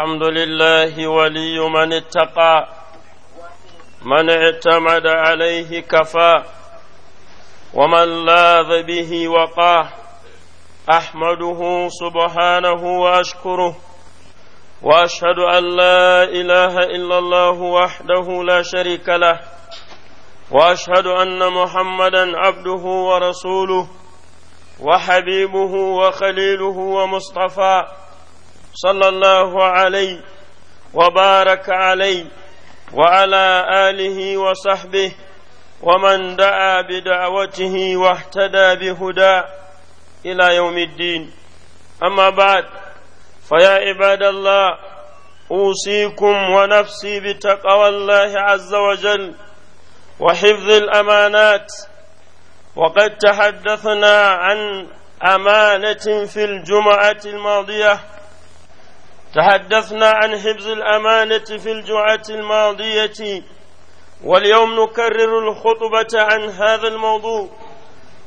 الحمد لله ولي من اتقى من اعتمد عليه كفى ومن لاذ به وقاه احمده سبحانه واشكره واشهد ان لا اله الا الله وحده لا شريك له واشهد ان محمدا عبده ورسوله وحبيبه وخليله ومصطفاه صلى الله عليه وبارك عليه وعلى آله وصحبه ومن دعا بدعوته واهتدى بهدى إلى يوم الدين أما بعد فيا عباد الله أوصيكم ونفسي بتقوى الله عز وجل وحفظ الأمانات وقد تحدثنا عن أمانة في الجمعة الماضية تحدثنا عن حفظ الأمانة في الجعة الماضية واليوم نكرر الخطبة عن هذا الموضوع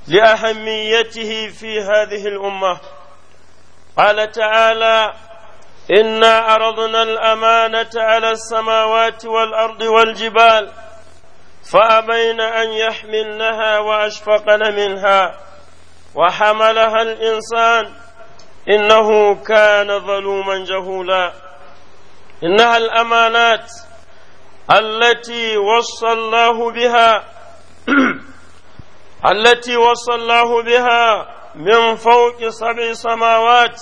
لأهميته في هذه الأمة قال تعالى إنا أرضنا الأمانة على السماوات والأرض والجبال فأبين أن يحملنها وأشفقن منها وحملها الإنسان إنه كان ظلوما جهولا إنها الأمانات التي وصى الله بها التي وصى الله بها من فوق سبع سماوات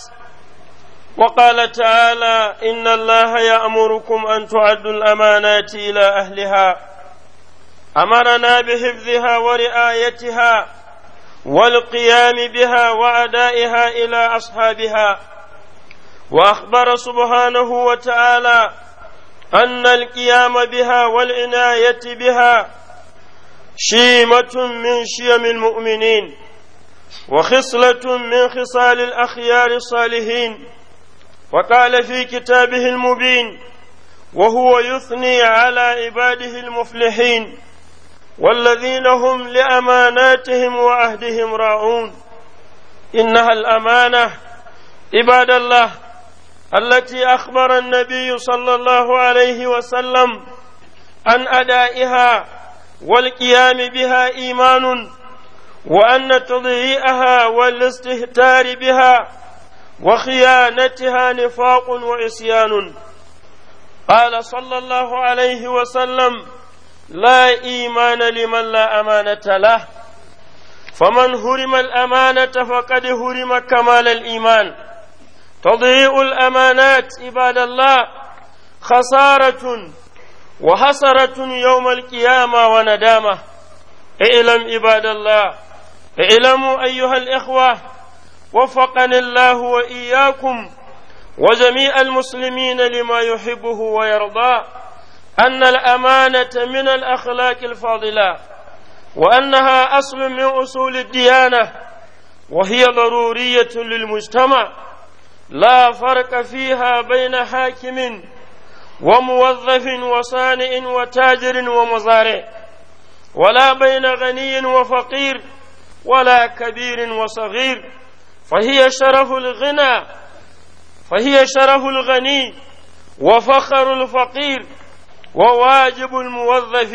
وقال تعالى إن الله يأمركم أن تعدوا الأمانات إلى أهلها أمرنا بحفظها ورعايتها والقيام بها وادائها الى اصحابها واخبر سبحانه وتعالى ان القيام بها والعنايه بها شيمه من شيم المؤمنين وخصله من خصال الاخيار الصالحين وقال في كتابه المبين وهو يثني على عباده المفلحين والذين هم لأماناتهم وعهدهم راعون إنها الأمانة عباد الله التي أخبر النبي صلى الله عليه وسلم عن أدائها والقيام بها إيمان وأن تضييعها والاستهتار بها وخيانتها نفاق وعصيان قال صلى الله عليه وسلم لا إيمان لمن لا أمانة له فمن هرم الأمانة فقد هرم كمال الإيمان تضيء الأمانات عباد الله خسارة وحسرة يوم القيامة وندامة اعلم عباد الله اعلموا أيها الإخوة وفقني الله وإياكم وجميع المسلمين لما يحبه ويرضاه أن الأمانة من الأخلاق الفاضلة وأنها أصل من أصول الديانة وهي ضرورية للمجتمع لا فرق فيها بين حاكم وموظف وصانع وتاجر ومزارع ولا بين غني وفقير ولا كبير وصغير فهي شرف الغنى فهي شرف الغني وفخر الفقير وواجب الموظف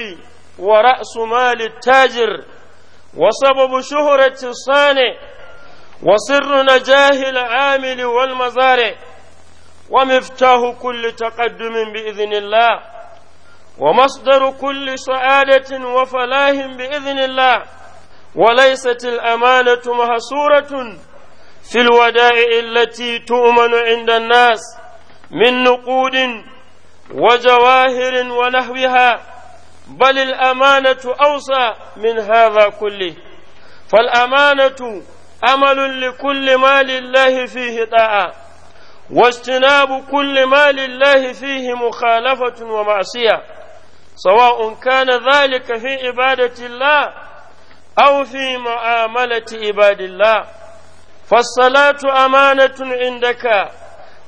ورأس مال التاجر وسبب شهرة الصانع وسر نجاه العامل والمزارع ومفتاح كل تقدم بإذن الله ومصدر كل سعادة وفلاح بإذن الله وليست الأمانة محصورة في الودائع التي تؤمن عند الناس من نقود وجواهر ونحوها بل الأمانة أوسع من هذا كله فالأمانة أمل لكل ما لله فيه طاعة واجتناب كل ما لله فيه مخالفة ومعصية سواء كان ذلك في عبادة الله أو في معاملة عباد الله فالصلاة أمانة عندك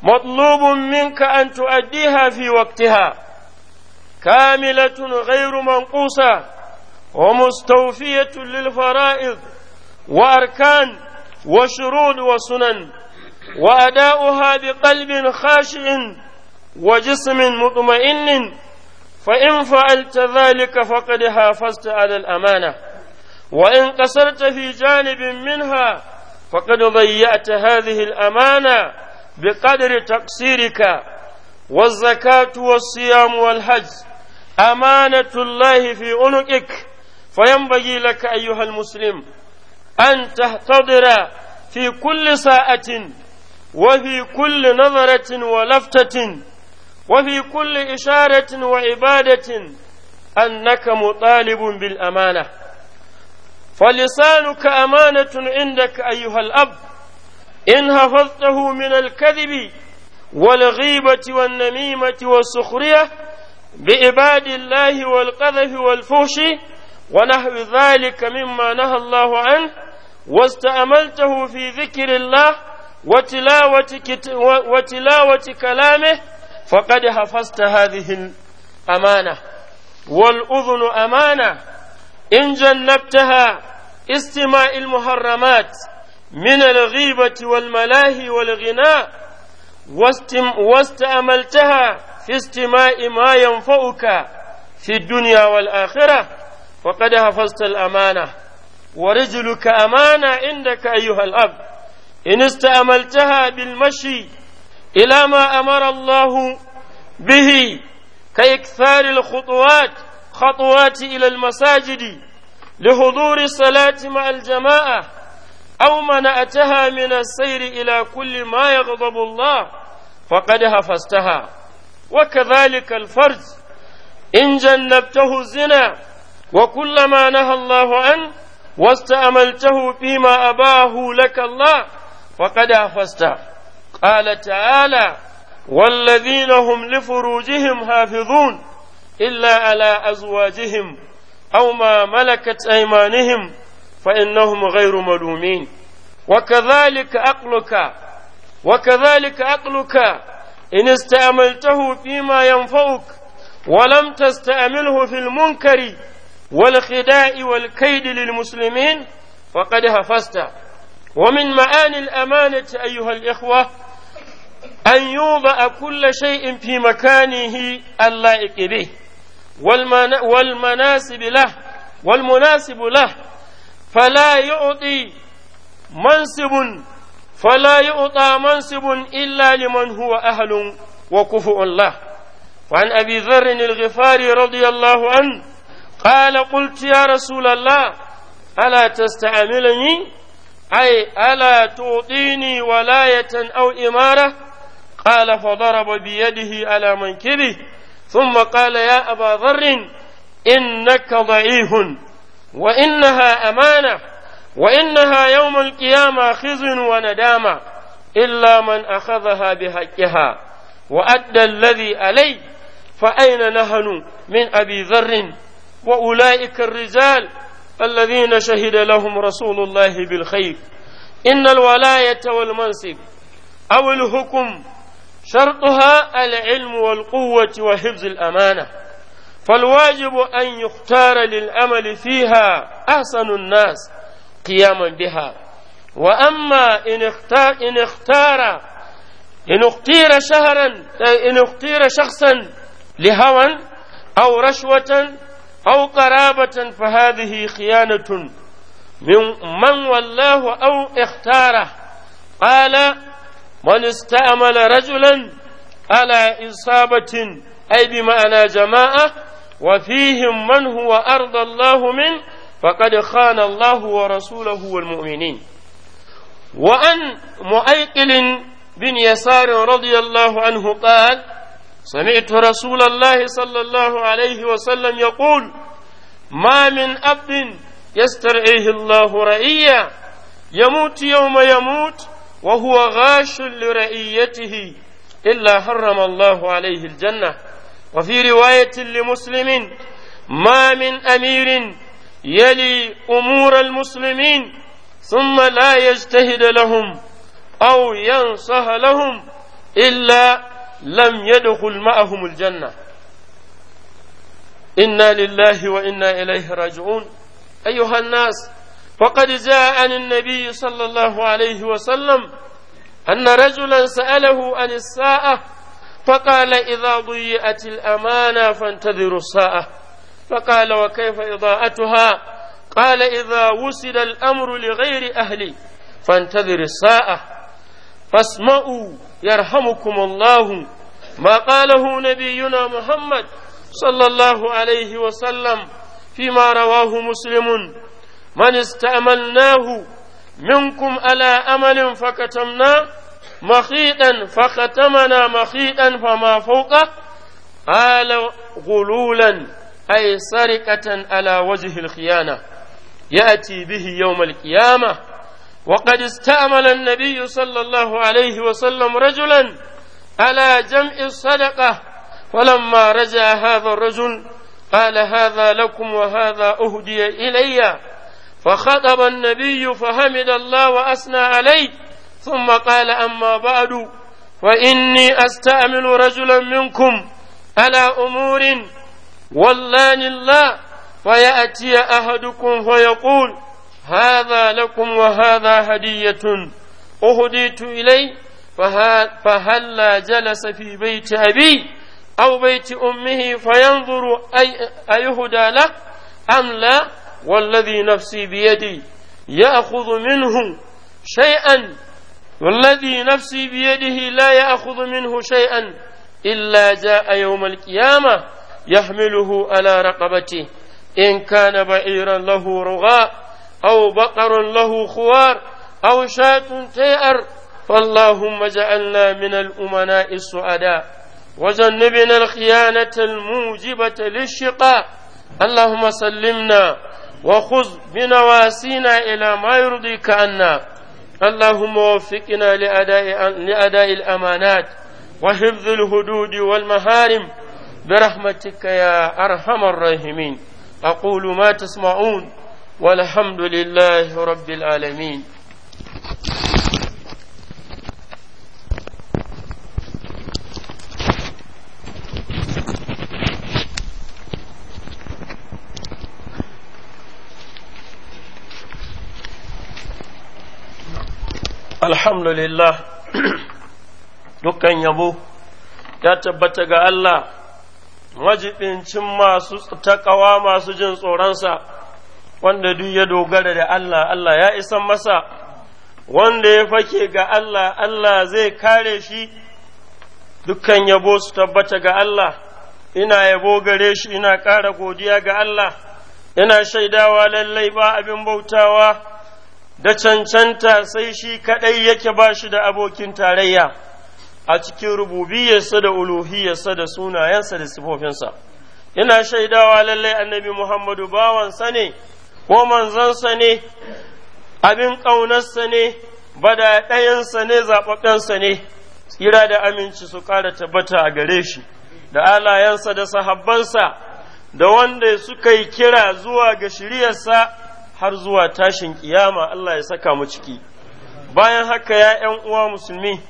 مطلوب منك أن تؤديها في وقتها كاملة غير منقوصة ومستوفية للفرائض وأركان وشرود وسنن وأداؤها بقلب خاشع وجسم مطمئن فإن فعلت ذلك فقد حافظت على الأمانة وإن قصرت في جانب منها فقد ضيعت هذه الأمانة بقدر تقصيرك والزكاة والصيام والحج أمانة الله في عنقك فينبغي لك أيها المسلم أن تحتضر في كل ساعة وفي كل نظرة ولفتة وفي كل إشارة وعبادة أنك مطالب بالأمانة فلسانك أمانة عندك أيها الأب إن حفظته من الكذب والغيبة والنميمة والسخرية بإباد الله والقذف والفوش ونحو ذلك مما نهى الله عنه واستأملته في ذكر الله وتلاوة, وتلاوة كلامه فقد حفظت هذه الأمانة والأذن أمانة إن جنبتها استماء المحرمات من الغيبة والملاهي والغناء واستعملتها في استماع ما ينفعك في الدنيا والآخرة وقد حفظت الأمانة ورجلك أمانة عندك أيها الأب إن استعملتها بالمشي إلى ما أمر الله به كإكثار الخطوات خطوات إلى المساجد لحضور الصلاة مع الجماعة أو منعتها من السير إلى كل ما يغضب الله فقد هفستها وكذلك الفرج إن جنبته الزنا وكل ما نهى الله عنه واستأملته فيما أباه لك الله فقد هفسته قال تعالى والذين هم لفروجهم حافظون إلا على أزواجهم أو ما ملكت أيمانهم فإنهم غير ملومين وكذلك عقلك وكذلك عقلك إن استعملته فيما ينفعك ولم تستعمله في المنكر والخداع والكيد للمسلمين فقد هفست ومن معاني الأمانة أيها الإخوة أن يوضع كل شيء في مكانه اللائق به والمناسب له والمناسب له فلا يعطي منصب فلا يعطى منصب إلا لمن هو أهل وكفء له وعن أبي ذر الغفاري رضي الله عنه قال قلت يا رسول الله ألا تستعملني أي ألا تعطيني ولاية أو إمارة قال فضرب بيده على منكبه ثم قال يا أبا ذر إنك ضعيف wa innaha amana wa innaha yawmul qiyamah khizun wa nadama illa man akhadhaha bi haqqiha wa adda alladhi alai fa aina nahnu min abi wa ulaika ar-rijal الذين شهد لهم رسول الله بالخير إن الولاية والمنصب أو الحكم شرطها العلم والقوة وحفظ الأمانة فالواجب أن يختار للأمل فيها أحسن الناس قياما بها وأما إن اختار إن اختار إن اختير شهرا إن اختير شخصا لهوى أو رشوة أو قرابة فهذه خيانة من من والله أو اختاره قال من استأمل رجلا على إصابة أي بمعنى جماعة وفيهم من هو أرض الله من فقد خان الله ورسوله والمؤمنين وأن مؤيقل بن يسار رضي الله عنه قال سمعت رسول الله صلى الله عليه وسلم يقول ما من عبد يسترعيه الله رئيا يموت يوم يموت وهو غاش لرئيته إلا حرم الله عليه الجنة وفي رواية لمسلم ما من أمير يلي أمور المسلمين ثم لا يجتهد لهم أو ينصح لهم إلا لم يدخل معهم الجنة إنا لله وإنا إليه راجعون أيها الناس فقد جاء عن النبي صلى الله عليه وسلم أن رجلا سأله عن الساعة فقال إذا ضيئت الأمانة فانتظروا الساعة فقال وكيف إضاءتها قال إذا وسد الأمر لغير أهلي فانتظر الساعة فاسمعوا يرحمكم الله ما قاله نبينا محمد صلى الله عليه وسلم فيما رواه مسلم من استعملناه منكم على أمل فكتمناه مخيطا فختمنا مخيطا فما فوقه قال غلولا أي سرقة على وجه الخيانة يأتي به يوم القيامة وقد استعمل النبي صلى الله عليه وسلم رجلا على جمع الصدقة ولما رجع هذا الرجل قال هذا لكم وهذا أهدي إلي فخطب النبي فحمد الله وأثنى عليه ثم قال أما بعد وإني أستعمل رجلا منكم على أمور واللان الله فيأتي أحدكم فيقول هذا لكم وهذا هدية أهديت إلي فهلا جلس في بيت أبي أو بيت أمه فينظر أي أيهدى له أم لا والذي نفسي بيدي يأخذ منه شيئا والذي نفسي بيده لا يأخذ منه شيئا إلا جاء يوم القيامة يحمله على رقبته إن كان بعيرا له رغاء أو بقر له خوار أو شاة تيأر فاللهم اجعلنا من الأمناء السعداء وجنبنا الخيانة الموجبة للشقاء اللهم سلمنا وخذ بنواسينا إلى ما يرضيك عنا اللهم وفقنا لأداء, لأداء الأمانات وحفظ الهدود والمهارم برحمتك يا أرحم الراحمين أقول ما تسمعون والحمد لله رب العالمين alhamdulillah dukkan yabo ya tabbata ga Allah majibincin masu takawa masu jin tsoronsa wanda duk ya dogara da Allah Allah ya isa masa wanda ya fake ga Allah Allah zai kare shi dukkan yabo su tabbata ga Allah ina yabo gare shi ina ƙara godiya ga Allah ina shaidawa lallai ba abin bautawa da cancanta sai shi kaɗai yake ba shi da abokin tarayya a cikin rububiyarsa da uluhiyarsa da sunayensa da sifofinsa ina shaidawa lallai annabi muhammadu bawansa ne ko manzansa ne abin ƙaunarsa ne bada ɗayansa ne zaɓaɓɓensa ne tsira da aminci su ƙara tabbata a gare shi da alayensa da sahabbansa da wanda suka yi kira zuwa ga shiriyarsa har zuwa tashin kiyama Allah ya saka mu ciki bayan haka ya ’yan uwa musulmi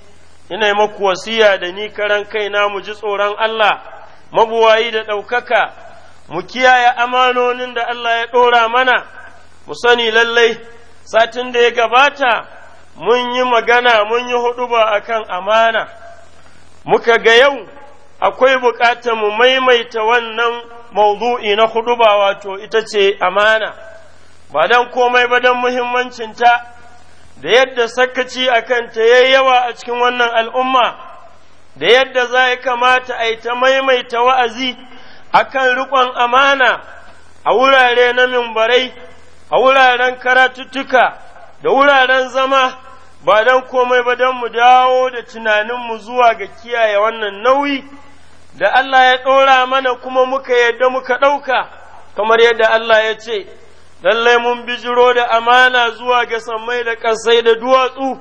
ina maku wasiya da ni karan kaina mu ji tsoron Allah mabuwayi da ɗaukaka mu kiyaye amanonin da Allah ya ɗora mana mu sani lallai satin da ya gabata mun yi magana mun yi huɗuba akan amana muka ga yau akwai buƙatar mu maimaita wannan maudu'i na huɗuba wato ita ce amana ba dan komai ba don muhimmancinta da yadda sakaci a kanta ya yawa a cikin wannan al'umma da yadda za ya kamata a yi ta maimaita wa'azi a kan riƙon amana a wurare na mimbarai a wuraren karatuttuka da wuraren zama ba dan komai ba don mu dawo da tunaninmu zuwa ga kiyaye wannan nauyi da Allah ya ɗora mana kuma muka yadda muka ɗauka kamar yadda Allah ya ce lallai mun bijiro da amana zuwa ga sammai da ƙasai da duwatsu,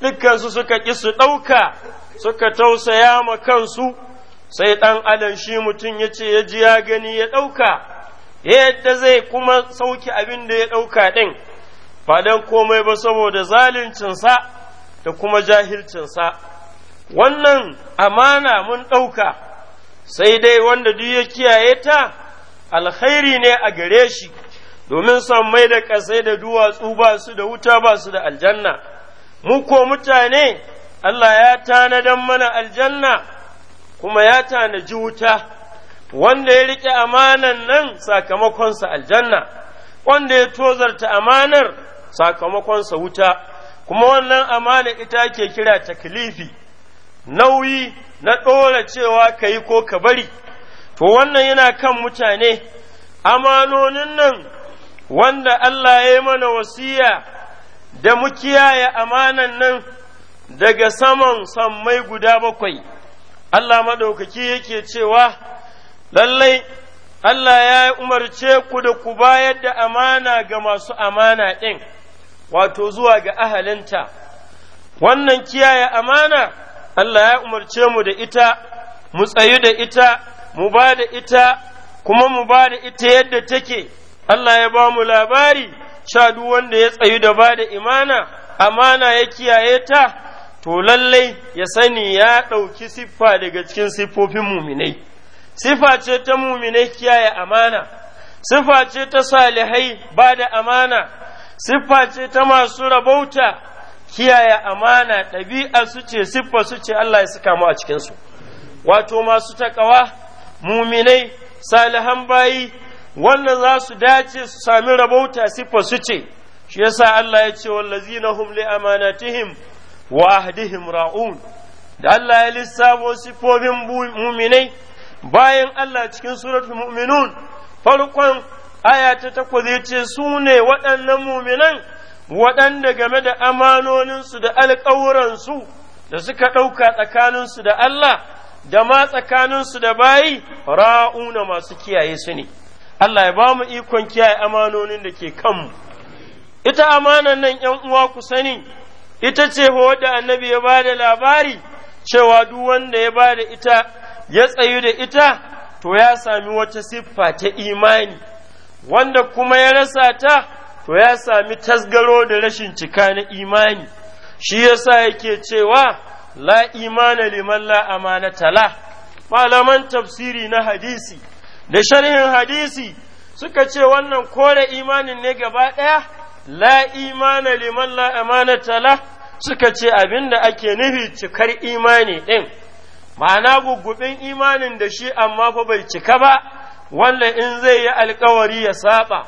dukkansu suka ƙi su ɗauka, suka tausaya ma kansu, sai ɗan adam shi mutum ya ce ya ji ya gani ya ɗauka, yadda zai kuma sauki abin da ya ɗauka ɗin, ba dan komai ba saboda zaluncinsa da kuma jahilcinsa. Wannan amana mun ɗauka, sai dai wanda duk ya kiyaye ta, alkhairi ne a gare shi. domin mai da ƙasai da duwatsu ba su da wuta ba su da aljanna, mu ko mutane Allah ya tanadan mana aljanna kuma ya tanaji wuta, wanda ya riƙe amanan nan sakamakonsa aljanna, wanda ya tozarta amanar sakamakonsa wuta, kuma wannan amana ita ke kira taklifi, nauyi na ɗora cewa ka yi ko ka bari, to wannan yana kan mutane, amanonin nan. wanda Allah ya yi mana wasiya da mu kiyaye amanan nan daga saman sammai guda bakwai, Allah maɗaukaki yake cewa, lallai Allah ya umarce ku da ku bayar da amana ga masu amana ɗin, wato zuwa ga ahalinta. Wannan kiyaye amana, Allah ya umarce mu da ita, mu tsayu da ita, mu ba da ita, kuma mu ba da ita yadda take. Allah ya ba mu labari sha duk wanda ya tsayu da bada imana amana ya kiyaye ta to lallai ya sani ya ɗauki siffa daga cikin siffofin muminai siffa ce ta muminai kiyaye amana siffa ce ta salihai bada amana siffa ce ta masu rabauta kiyaye amana ɗabi'a su ce siffa su ce Allah ya saka mu a cikinsu wato masu taƙawa muminai salihan bayi wannan za su dace su sami rabauta siffa su ce shi yasa Allah ya ce wallazina hum li amanatihim wa ahdihim ra'un da Allah ya lissafo siffofin muminai bayan Allah cikin suratul mu'minun farkon aya ta takwas ya ce su ne waɗannan muminan waɗanda game da amanoninsu da alƙawuransu da suka ɗauka tsakaninsu da Allah da ma tsakaninsu da bayi ra'una masu kiyaye su ne Allah ya ba mu ikon kiyaye amanonin da ke kanmu ita amanan nan ‘yan uwa ku sani ita ce wadda annabi ya ba da labari cewa duk wanda ya ba da ita ya tsayu da ita to ya sami wata siffa ta imani wanda kuma ya rasa ta to ya sami tasgaro da rashin cika na imani shi yasa yake cewa la imana liman la amanata la malaman tafsiri na hadisi da sharhin hadisi suka ce wannan kore imanin ne gaba ɗaya la imana liman la amana tala suka ce abin da ake nufi cikar imani ɗin ma'ana gugubin imanin da shi amma fa bai cika ba wanda in zai yi alkawari ya saba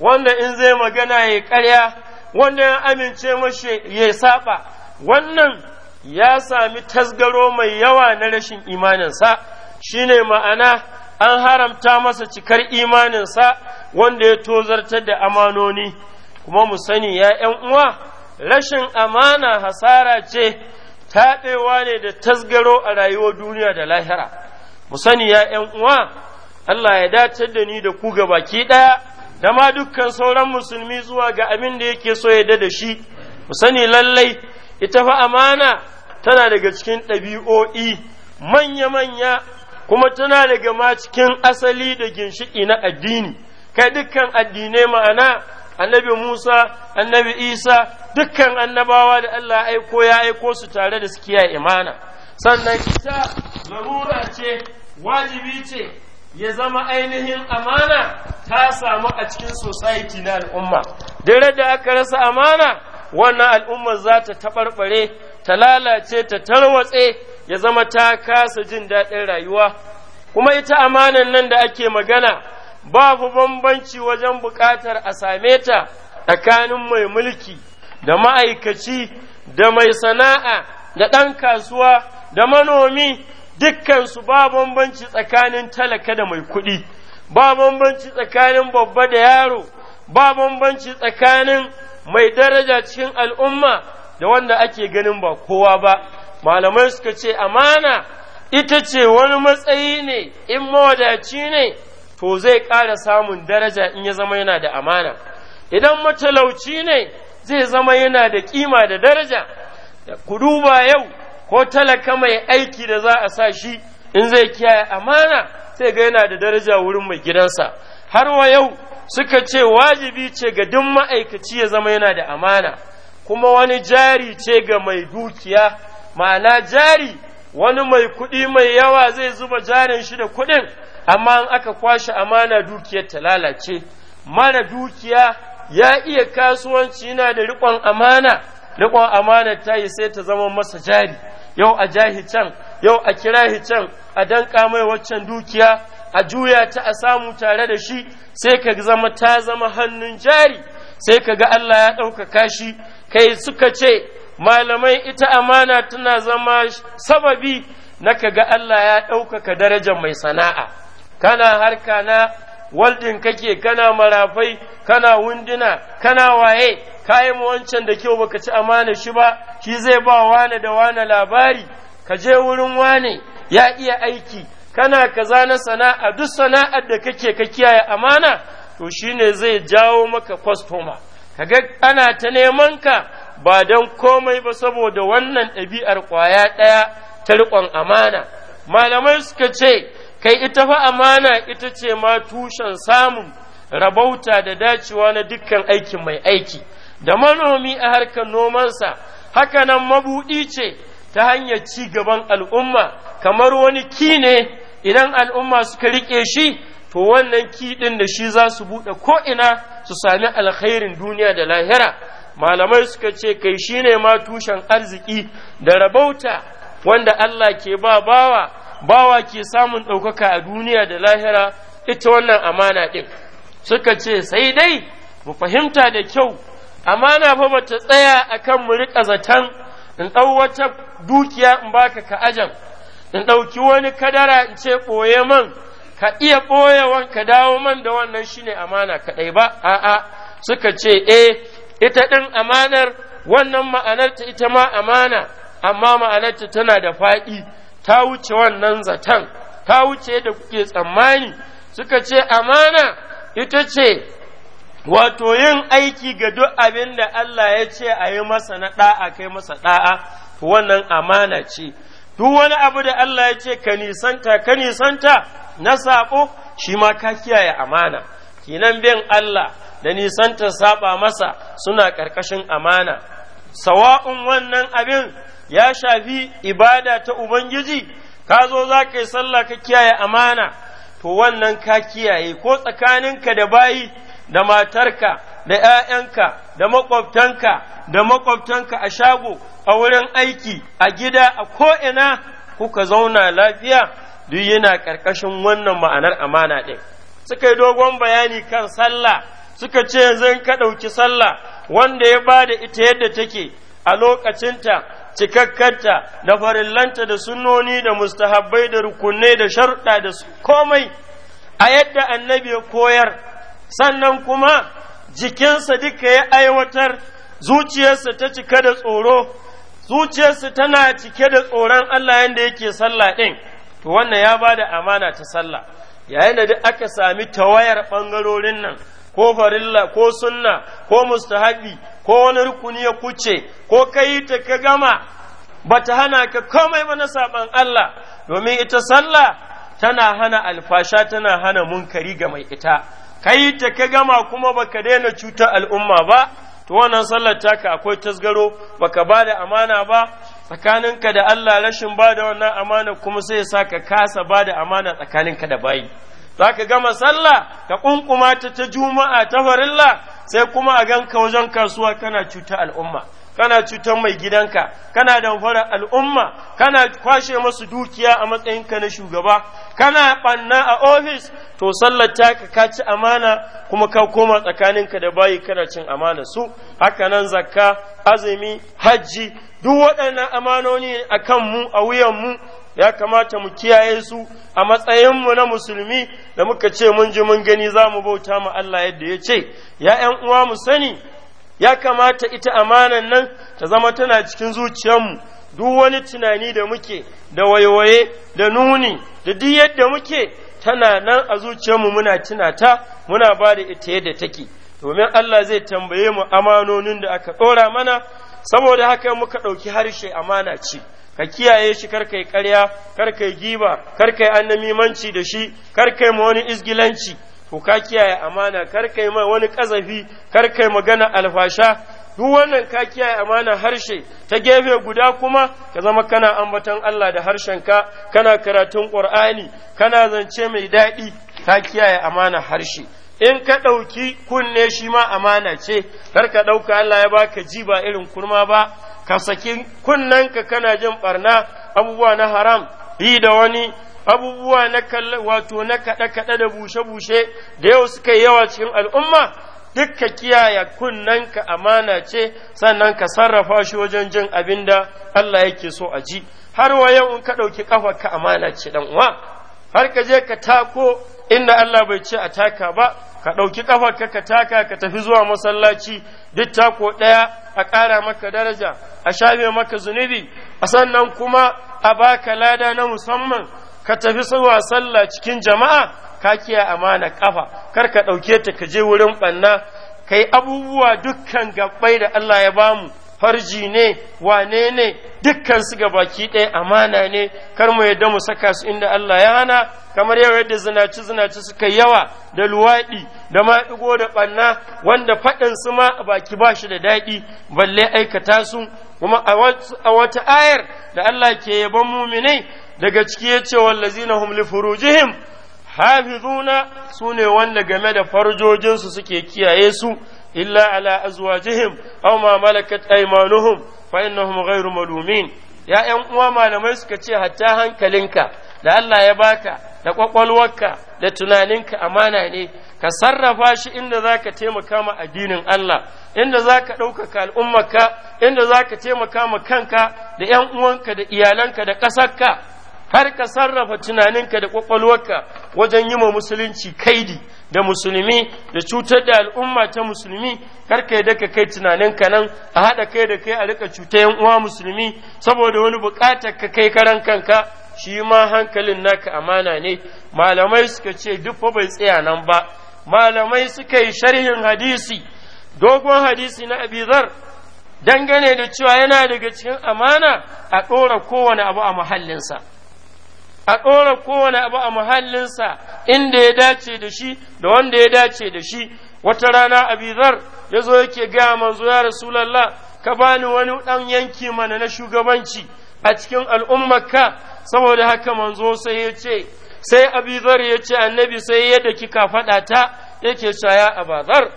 wanda in zai magana ya karya wanda ya amince mashi ya saba wannan ya sami tasgaro mai yawa na rashin imaninsa shine ma'ana an haramta masa cikar imaninsa wanda ya tozartar da amanoni kuma mu sani ya ‘yan uwa rashin amana hasara ce taɓewa ne da tasgaro a rayuwar duniya da lahira mu sani ya ‘yan uwa Allah ya dace da ni da ku ga baki ɗaya da ma dukkan sauran musulmi zuwa ga abin da yake so ya da shi mu sani lallai ita fa amana tana daga cikin ɗabi'o'i manya-manya kuma tana daga ma cikin asali da ginshiki na addini kai dukkan addinai ma'ana annabi Musa annabi Isa dukkan annabawa da Allah aiko ya aiko su tare da suke imana sannan ita larura ce wajibi ce ya zama ainihin amana ta samu a cikin society na al'umma dare da aka rasa amana wannan al'umma za ta taɓarɓare ta lalace ta tarwatse ya zama ta kasa jin daɗin rayuwa kuma ita amanan nan da ake magana babu bambanci wajen buƙatar a same ta tsakanin mai mulki da ma'aikaci da mai sana'a da ɗan kasuwa da manomi dukkansu ba bambanci tsakanin talaka da mai kuɗi ba bambanci tsakanin babba da yaro ba bambanci tsakanin mai daraja cikin al'umma da wanda ake ganin ba kowa ba malamai suka ce amana ita ce wani matsayi ne in mawadaci ne to zai ƙara samun daraja in ya zama yana da amana idan matalauci ne zai zama yana da ƙima da daraja ku duba yau ko talaka mai aiki da za a sa shi in zai kiyaye amana sai ga yana da daraja wurin mai gidansa har wa yau suka ce wajibi ce ga duk ma'aikaci ya zama yana da amana kuma wani jari ce ga mai dukiya ma'ana jari wani mai kuɗi mai yawa zai zuba jarin shi da kuɗin amma in aka kwashe amana dukiyar ta lalace mana dukiya ya iya kasuwanci yana da riƙon amana riƙon amana ta yi sai ta zama masa jari yau a jahi can yau a kirahi can a danƙa mai waccan dukiya a juya ta a samu tare da shi sai ka zama ta zama hannun jari sai ka ga Allah ya ɗaukaka shi kai suka ce malamai ita amana tana zama sababi na kaga Allah ya ɗaukaka daraja mai sana'a kana harka na waldin kake kana marafai kana wunduna kana waye kayi wancan da kyau baka ci amana shi ba shi zai ba wane da wane labari ka je wurin wane ya iya aiki kana kaza na sana'a duk sana'ar da kake ka kiyaye amana to shine zai jawo maka kwastoma kaga ana ta neman ka ba don komai ba saboda wannan ɗabi'ar ƙwaya ɗaya ta riƙon amana malamai suka ce kai ita fa amana ita ce ma tushen samun rabauta da dacewa na dukkan aikin mai aiki da manomi a harkar nomansa nan mabuɗi ce ta hanyar ci gaban al'umma kamar wani ki ne idan al'umma suka riƙe shi to wannan ki ɗin da shi za su buɗe ko'ina su sami alkhairin duniya da lahira malamai suka ce kai shine ma tushen arziki da rabauta wanda Allah ke ba bawa bawa ke samun ɗaukaka a duniya da lahira ita wannan amana ɗin suka ce sai dai mu fahimta da kyau amana fa bata tsaya akan mu riƙa zaton in ɗau wata dukiya in baka ka ajan in ɗauki wani kadara in ce ɓoye man ka iya ɓoye ka dawo man da wannan shine amana kaɗai ba a'a suka ce eh ita ɗin amanar wannan ma'anarta ita ma amana amma ma'anarta tana da faɗi ta wuce wannan zaton ta wuce da kuke tsammani suka ce amana ita ce wato yin aiki ga duk abin da Allah ya ce a yi masa na ɗa'a kai masa ɗa'a wannan amana ce duk wani abu da Allah ya ce ka nisanta ka nisanta na saƙo shi ma ka kiyaye amana kinan bin Allah da nisantar saba masa suna ƙarƙashin amana sawa'un wannan abin ya shafi ibada ta ubangiji ka zo za ka yi sallah ka kiyaye amana to wannan ka kiyaye ko tsakaninka da bayi da matarka da ‘ya'yanka da maƙwabtanka da maƙwabtanka a shago a wurin aiki a gida a ko'ina kuka zauna lafiya duk yana ƙarƙashin wannan ma'anar amana ɗin. suka yi dogon bayani kan sallah suka ce yanzu in ka ɗauki sallah wanda ya ba da ita yadda take a lokacinta cikakkanta da farillanta da sunnoni da mustahabbai da rukunai da sharuɗa da komai a yadda annabi ya koyar sannan kuma jikinsa duka ya aiwatar zuciyarsa ta cika da tsoro zuciyarsa tana cike da tsoron Allah yadda yake sallah ɗin to wannan ya bada amana ta sallah yayin da duk aka sami tawayar ɓangarorin nan ko farilla ko sunna ko mustahabi ko wani rukuni ya kuce ko kai ta ka gama ba ta hana ka komai ba na saban Allah domin ita sallah tana hana alfasha tana hana munkari ga mai ita kai ta ka gama kuma baka daina cutar al'umma ba to wannan sallar taka akwai tasgaro baka ba da amana ba tsakaninka da Allah rashin ba da wannan amana kuma sai ya sa ka kasa ba da amana tsakaninka da bayi za ka gama sallah ka kunkuma ta ta juma'a ta farilla sai kuma a ganka wajen kasuwa kana cuta al'umma kana cutar mai gidanka kana damfarar al'umma kana kwashe masu dukiya a matsayinka na shugaba kana ɓanna a ofis to sallar taka ka ci amana kuma ka koma tsakaninka da bayi kana cin amana su haka nan zakka azumi hajji duk waɗannan amanoni a mu a wuyanmu ya kamata mu kiyaye su a matsayinmu na musulmi da muka ce mun ji mun gani za mu bauta ma Allah yadda ya ce ya ƴan uwa mu sani ya kamata ita amanan nan ta zama tana cikin zuciyarmu duk wani tunani da muke da waiwaye da nuni da duk yadda muke tana nan a zuciyarmu muna tunata muna ba da ita yadda take domin Allah zai tambaye mu amanonin da aka ɗora mana saboda haka muka ɗauki harshe amana ce ka kiyaye shi kar kai ƙarya kar kai giba kar kai annamimanci da shi kar kai ma wani izgilanci to ka kiyaye amana kar kai ma wani ƙazafi kar kai magana alfasha duk wannan ka kiyaye amana harshe ta gefe guda kuma ka zama kana ambaton Allah da harshenka kana karatun Qur'ani kana zance mai daɗi ka kiyaye amana harshe in ka ɗauki kunne shi ma amana ce kar ka ɗauka Allah ya baka ji ba irin kurma ba ka saki kunnenka kana jin barna abubuwa na haram yi da wani abubuwa na wato na kaɗe-kaɗe da bushe-bushe da yau suka yi yawa cikin al'umma duk kiyaye kiyaye ka amana ce sannan ka sarrafa shi wajen jin abin da Allah yake so a ji har wa in ka ɗauki ka amana ce dan uwa har ka je ka tako inda Allah bai ce a taka ba ka ɗauki ƙafarka ka taka ka tafi zuwa masallaci duk tako ɗaya a ƙara maka daraja a shafe maka zunubi a sannan kuma a baka lada na musamman ka tafi zuwa sallah cikin jama'a ka kiya amana kafa kar ka ɗauke ta ka je wurin ɓanna kai abubuwa dukkan gabbai da Allah ya bamu farji ne wane ne dukkan su ga baki ɗaya amana ne kar mu yadda mu saka su inda Allah ya hana kamar yau yadda zinaci zinaci suka yawa da luwaɗi da maɗigo da ɓanna wanda faɗin su ma a baki ba shi da daɗi balle aikata su kuma a wata ayar da Allah ke yaban muminai daga ciki ya ce wallazi na li furujihim hafizuna ne wanda game da farjojinsu suke kiyaye su illa ala azwajihim aw ma malakat aymanuhum fa innahum ghayru malumin ya ƴan uwa malamai suka ce hatta hankalinka da Allah ya baka da kwakwalwarka da tunaninka amana ne ka sarrafa shi inda za ka taimaka ma addinin Allah inda za ka ɗaukaka al'ummarka inda za ka taimaka ma kanka da ‘yan uwanka da iyalanka da ƙasarka har ka sarrafa tunaninka da kwakwalwarka wajen yi ma musulunci kaidi da musulmi da cutar da al'umma ta musulmi kar ka yadda ka kai tunaninka nan a haɗa kai da kai a rika cuta yan uwa musulmi saboda wani buƙatar ka kai karan kanka shi ma hankalin naka amana ne malamai suka ce duk fa bai tsaya nan ba malamai suka yi sharhin hadisi dogon hadisi na abizar dangane da cewa yana daga cikin amana a ɗora kowane abu a muhallinsa a ɗora kowane abu a muhallinsa inda ya dace da shi da wanda ya dace da shi wata rana abizar ya zo yake gaya manzo ya rasulallah ka bani wani ɗan yanki mana na shugabanci a cikin al'ummarka saboda haka manzo sai ya ce sai abizar ya ce annabi sai yadda kika faɗa ta yake shaya abazar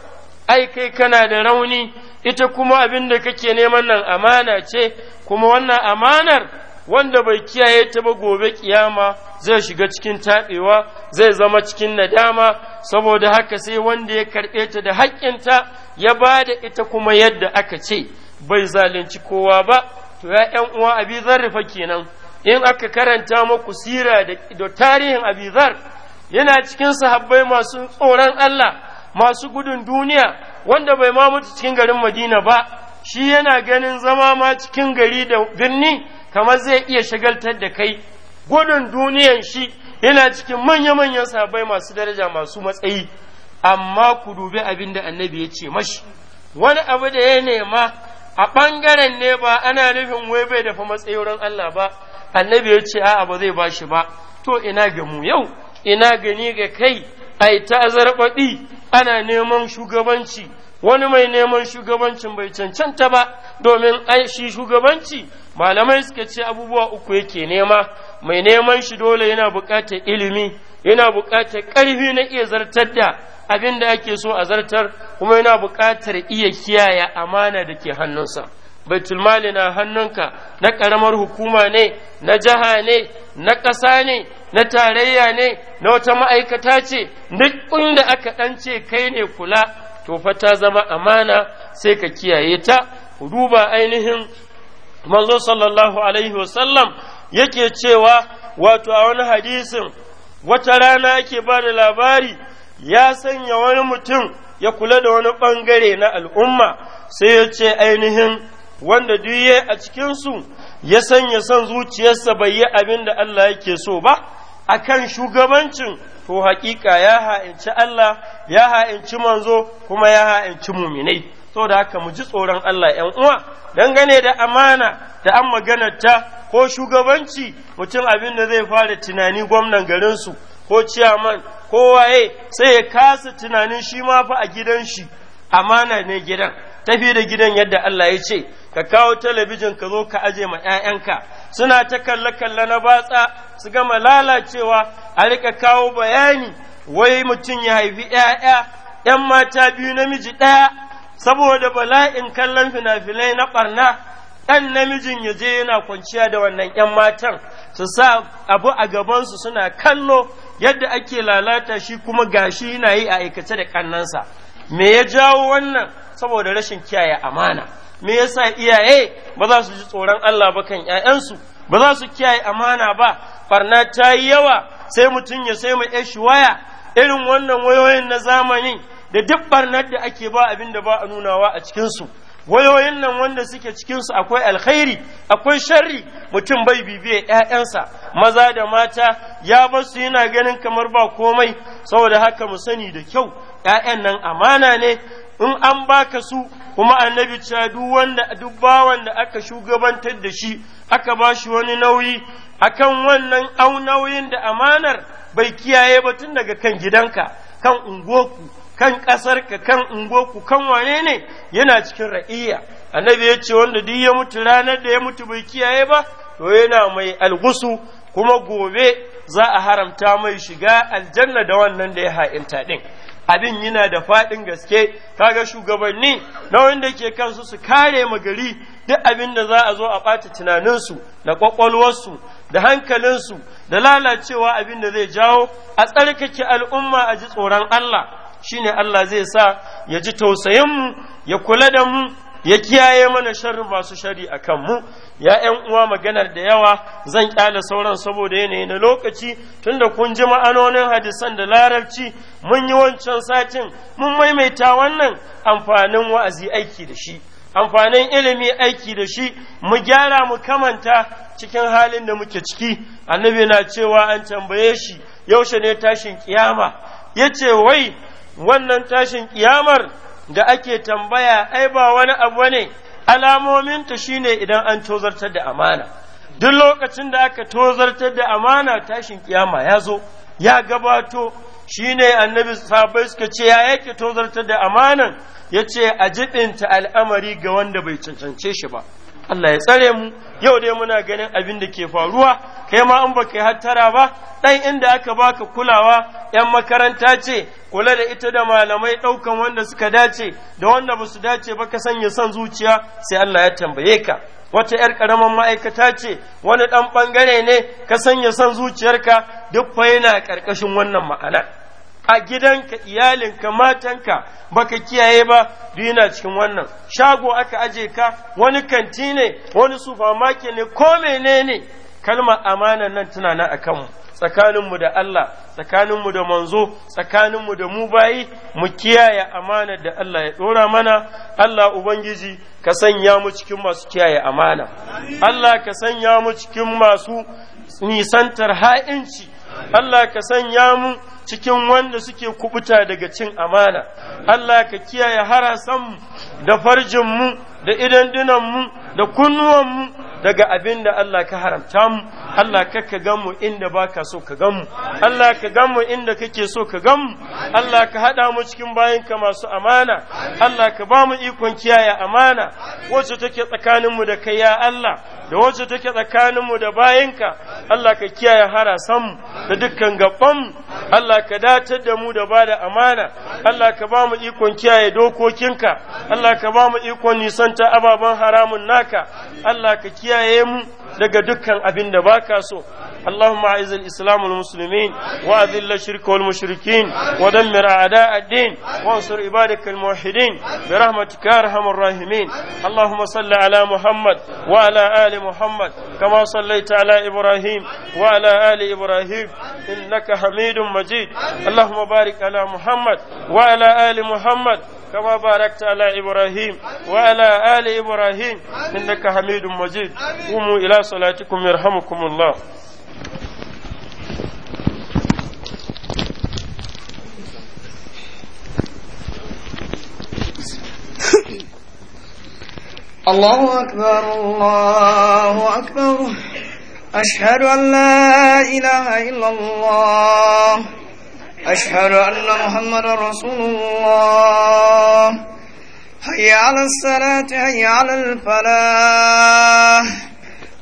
ai kai kana da rauni ita kuma abin da kake neman nan amana ce kuma wannan amanar wanda bai kiyaye ta ba gobe kiyama zai shiga cikin taɓewa zai zama cikin nadama saboda haka sai wanda ya karɓe ta da haƙƙinta ya ba da ita kuma yadda aka ce bai zalunci kowa ba to ya ‘yan uwa Abizar zarrafa kenan in aka karanta muku sira da tarihin Abizar yana cikin sahabbai masu tsoron Allah masu gudun duniya wanda bai ma mutu cikin garin Madina ba shi yana ganin zama ma cikin gari da birni kamar zai iya shagaltar da kai gudun duniyan shi yana cikin manya-manyan sabai masu daraja masu matsayi amma ku dubi abin da annabi ya ce mashi wani abu da ya nema a ɓangaren ne ba ana nufin wai bai dafa matsayi wurin Allah ba annabi ya ce a'a ba zai ba shi ba to ina ga mu yau ina gani ga kai a ta ana neman shugabanci wani mai neman shugabancin bai cancanta ba domin shi shugabanci malamai suka ce abubuwa uku yake nema mai neman shi dole yana buƙatar ilimi yana buƙatar ƙarfi na iya zartar da abin da ake so a zartar kuma yana buƙatar iya kiyaye amana da ke hannunsa baitul mali na hannunka na ƙaramar hukuma ne na jiha ne na ƙasa ne na tarayya ne na wata ma'aikata ce duk inda aka ɗan ce kai ne kula to fa ta zama amana sai ka kiyaye ta duba ainihin manzo sallallahu alaihi wasallam yake cewa wato a wani hadisin wata rana yake ba da labari ya sanya wani mutum ya kula da wani ɓangare na al'umma sai ya ce ainihin wanda duye a cikinsu ya sanya son zuciyarsa bai yi abin da Allah yake so ba akan shugabancin to haƙiƙa ya ha'inci Allah ya ha'inci manzo kuma ya ha'inci muminai so da haka mu ji tsoron Allah ‘yan uwa, dangane da amana da an ta ko shugabanci mutum abin da zai fara tunani gwamnan garinsu ko ciyaman ko waye sai ya kasa tunanin shi ma fa a gidan shi amana ne gidan tafi da gidan yadda Allah ya ce ka kawo talabijin ka zo ka aje ma 'ya'yanka suna ta kalle-kalle na batsa su gama lalacewa a rika kawo bayani wai mutum ya haifi 'ya'ya 'yan mata biyu namiji ɗaya saboda bala'in kallon fina-finai na ɓarna ɗan namijin ya je yana kwanciya da wannan 'yan matan su sa abu a gabansu suna kallo yadda ake lalata shi kuma gashi yana yi a aikace da kannansa me ya jawo wannan saboda rashin kiyaye amana me ya sa iyaye ba za su ji tsoron Allah ba kan 'ya'yansu ba za su kiyaye amana ba barna ta yi yawa sai mutum ya sai mu shi waya irin wannan wayoyin na zamanin da duk barnar da ake ba abin da ba a nunawa a cikinsu wayoyin nan wanda suke cikinsu akwai alkhairi akwai sharri mutum bai bibiye ‘ya'yansa maza da mata ya basu yana ganin kamar ba komai saboda haka mu sani da kyau ‘ya'yan nan amana ne in an baka su kuma annabi cewa duk wanda duk bawan da aka shugabantar da shi aka ba shi wani nauyi akan wannan au nauyin da amanar bai kiyaye ba tun daga kan gidanka kan unguwarku kan ƙasar ka kan ungoku kan wane ne yana cikin ra'iya annabi ya ce wanda duk ya mutu ranar da ya mutu bai kiyaye ba to yana mai algusu kuma gobe za a haramta mai shiga aljanna da wannan da ya ha'inta din abin yana da faɗin gaske kaga shugabanni na wanda ke kansu su kare magari duk abin da za a zo a ɓata tunaninsu da ƙwaƙwalwarsu da hankalinsu da lalacewa abin da zai jawo a tsarkake al'umma a ji tsoron Allah Shi ne Allah zai sa ya ji tausayin mu ya kula da mu ya kiyaye mana sharrin masu shari a kanmu ya ‘yan uwa maganar da yawa zan kyale sauran saboda yanayi na lokaci tunda kun ji ma'anonin hadisan da larabci mun yi wancan satin mun maimaita wannan amfanin wa'azi aiki da shi amfanin ilimi aiki da shi mu gyara mu kamanta cikin halin da muke ciki annabi na cewa an tambaye shi yaushe ne tashin kiyama ya ce wai wannan tashin kiyamar da ake tambaya ai ba wani abu ne alamominta shine idan an tozartar da amana duk lokacin da aka tozartar da amana tashin kiyama ya zo ya gabato shine annabi sahabbai suka ce ya yake tozartar da amanan ya ce a jibinta al'amari ga wanda bai cancance shi ba Allah ya tsare mu yau dai muna ganin abin da ke faruwa kai ma an baka hattara ba ɗan inda aka baka kulawa yan makaranta ce kula da ita da malamai ɗaukan wanda suka dace da wanda ba su dace ba ka sanya son zuciya sai Allah ya tambaye ka wata 'yar ƙaramin ma'aikata ce wani ɗan ɓangare ne ka sanya son zuciyarka duk fa yana ƙarƙashin wannan ma'ana a gidanka iyalinka matanka baka kiyaye ba duk yana cikin wannan shago aka aje ka wani kanti ne wani supermarket ne ko menene kalma amana nan tana nan a kanmu tsakaninmu da Allah tsakaninmu da manzo tsakaninmu da mu bayi mu kiyaye amanar da Allah ya ɗora mana Allah Ubangiji ka sanya mu cikin masu kiyaye amana Allah ka sanya mu cikin masu nisantar ha'inci Allah ka sanya mu cikin wanda suke kubuta daga cin amana Allah ka kiyaye harasanmu da farjinmu da mu da kunnuwanmu daga abin da Allah ka haramta mu Allah ka ka gan mu inda baka so ka gan Allah ka gan mu inda kake so ka gan mu Allah ka hada mu cikin bayan ka masu amana Allah ka ba mu ikon kiyaye amana wacce take tsakanin mu da kai ya Allah da wacce take tsakanin mu da ka Allah ka kiyaye harasan mu da dukkan gaban mu Allah ka datar da mu da bada amana Allah ka ba mu ikon kiyaye dokokinka Allah ka ba mu ikon nisanta ababen haramun naka Allah ka kiyaye mu daga dukkan abin da baka so Allahumma a'iz al-islam al-muslimin wa adhill wa dammir a'da ad-din wa ansur ibadak al-muwahhidin arhamar rahimin Allahumma salli ala Muhammad wa Muhammad kama Ibrahim wa Ibrahim innaka Hamidum Majid Allahumma barik ala Muhammad wa ali Muhammad كما باركت على إبراهيم وعلى آل إبراهيم إنك حميد مجيد قوموا إلى صلاتكم يرحمكم الله الله أكبر الله أكبر أشهد أن لا إله إلا الله أشهد أن محمد رسول الله هيا على الصلاة هيا على الفلاح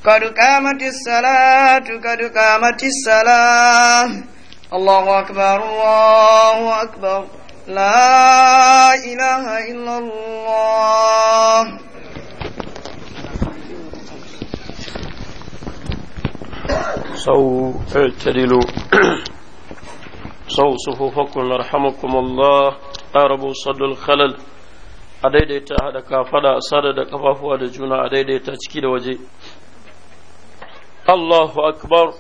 قد قامت الصلاة قد قامت الصلاة الله أكبر الله أكبر لا إله إلا الله صو اعتدلوا sau suhufakun allah arabu sadul khalal a daidaita da kafada sada da kafafuwa da juna a daidaita ciki da waje Allahu akbar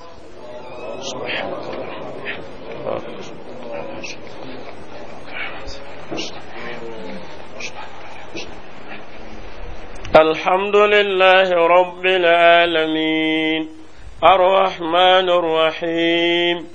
الحمد لله رب العالمين الرحمن الرحيم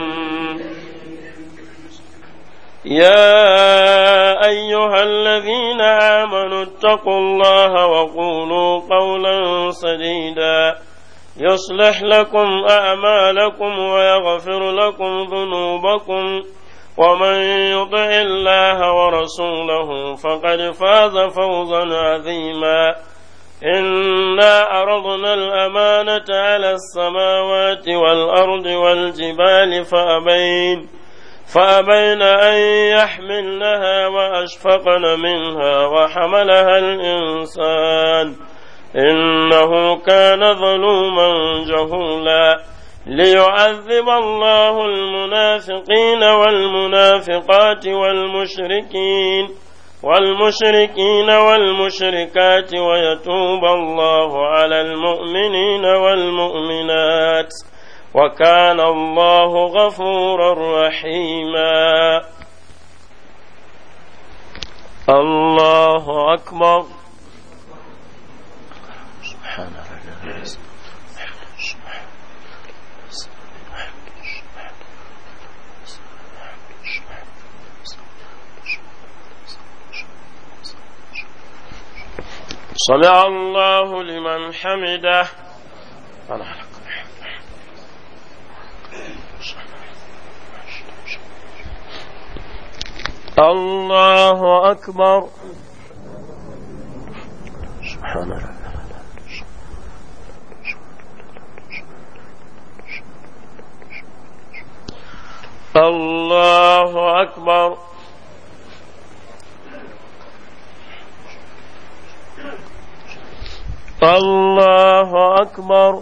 يا أيها الذين آمنوا اتقوا الله وقولوا قولا سديدا يصلح لكم أعمالكم ويغفر لكم ذنوبكم ومن يطع الله ورسوله فقد فاز فوزا عظيما إنا أرضنا الأمانة على السماوات والأرض والجبال فأبين فأبين أن يحملنها وأشفقن منها وحملها الإنسان إنه كان ظلوما جهولا ليعذب الله المنافقين والمنافقات والمشركين والمشركين والمشركات ويتوب الله على المؤمنين والمؤمنات وكان الله غفورا رحيما الله أكبر سبحان سمع الله لمن حمده الله أكبر سبحان الله الله أكبر الله أكبر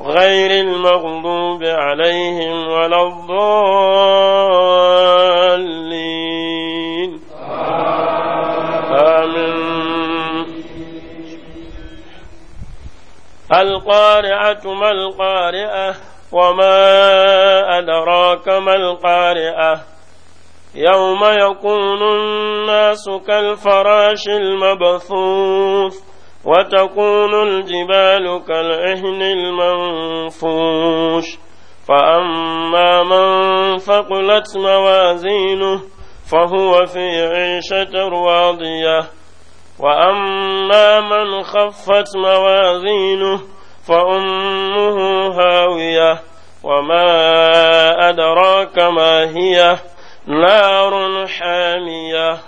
غير المغضوب عليهم ولا الضالين آمين القارعة ما القارعة وما أدراك ما القارعة يوم يكون الناس كالفراش المبثوث وتكون الجبال كالعهن المنفوش فأما من فقلت موازينه فهو في عيشة راضية وأما من خفت موازينه فأمه هاوية وما أدراك ما هي نار حامية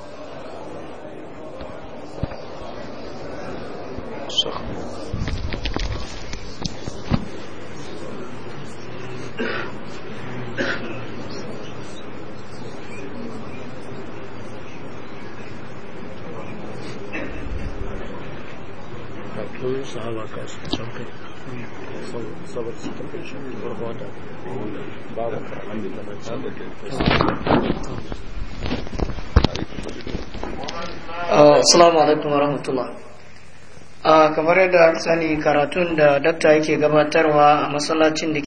alaikum warahmatullah ah, kamar yadda sani karatun da dakta yake gabatarwa a masallacin da